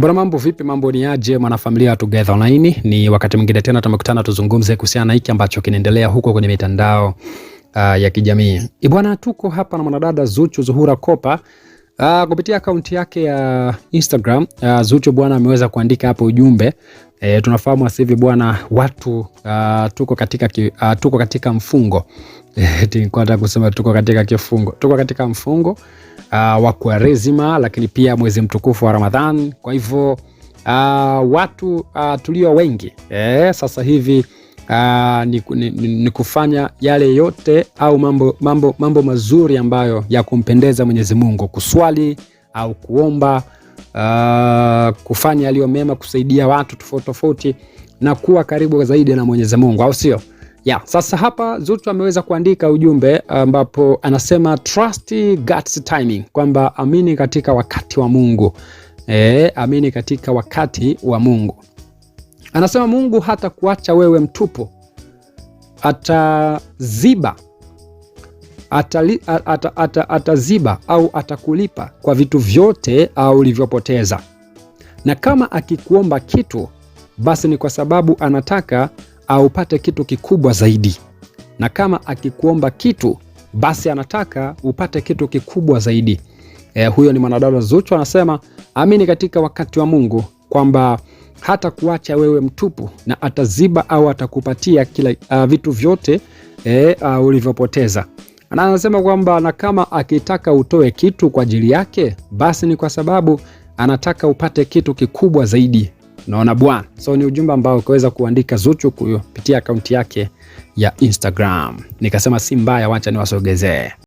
Bwana mambo vipi, mambo ni aje, mwanafamilia wa Together Online? Ni wakati mwingine tena tumekutana tuzungumze kuhusiana na hiki ambacho kinaendelea huko kwenye mitandao uh, ya kijamii. Ibwana, tuko hapa na mwanadada Zuchu Zuhura Kopa uh, kupitia akaunti yake ya Instagram uh, Zuchu bwana ameweza kuandika hapo ujumbe E, tunafahamu sasa hivi bwana watu uh, tuko, katika uh, tuko katika mfungo nilikuwa nataka kusema tuko katika kifungo, tuko katika mfungo uh, wa Kwaresima, lakini pia mwezi mtukufu wa Ramadhan. Kwa hivyo uh, watu uh, tulio wengi eh, sasa hivi Uh, ni, ni, ni kufanya yale yote au mambo, mambo, mambo mazuri ambayo ya kumpendeza Mwenyezi Mungu, kuswali au kuomba, uh, kufanya yaliyo mema, kusaidia watu tofauti tofauti na kuwa karibu zaidi na Mwenyezi Mungu, au sio? Ya, sasa hapa Zuchu ameweza kuandika ujumbe ambapo anasema trust God's timing, kwamba amini katika wakati wa Mungu. E, amini katika wakati wa Mungu. Anasema Mungu hata kuacha wewe mtupu, ataziba ataziba ata, ata, ata au atakulipa kwa vitu vyote au ulivyopoteza, na kama akikuomba kitu basi ni kwa sababu anataka aupate kitu kikubwa zaidi, na kama akikuomba kitu basi anataka upate kitu kikubwa zaidi. E, huyo ni mwanadada Zuchu anasema amini katika wakati wa Mungu kwamba hata kuacha wewe mtupu na ataziba au atakupatia kila uh, vitu vyote e, uh, ulivyopoteza. Na anasema kwamba na kama akitaka utoe kitu kwa ajili yake, basi ni kwa sababu anataka upate kitu kikubwa zaidi. Naona bwana, so ni ujumbe ambao ukaweza kuandika Zuchu kupitia akaunti yake ya Instagram. Nikasema si mbaya, wacha niwasogezee.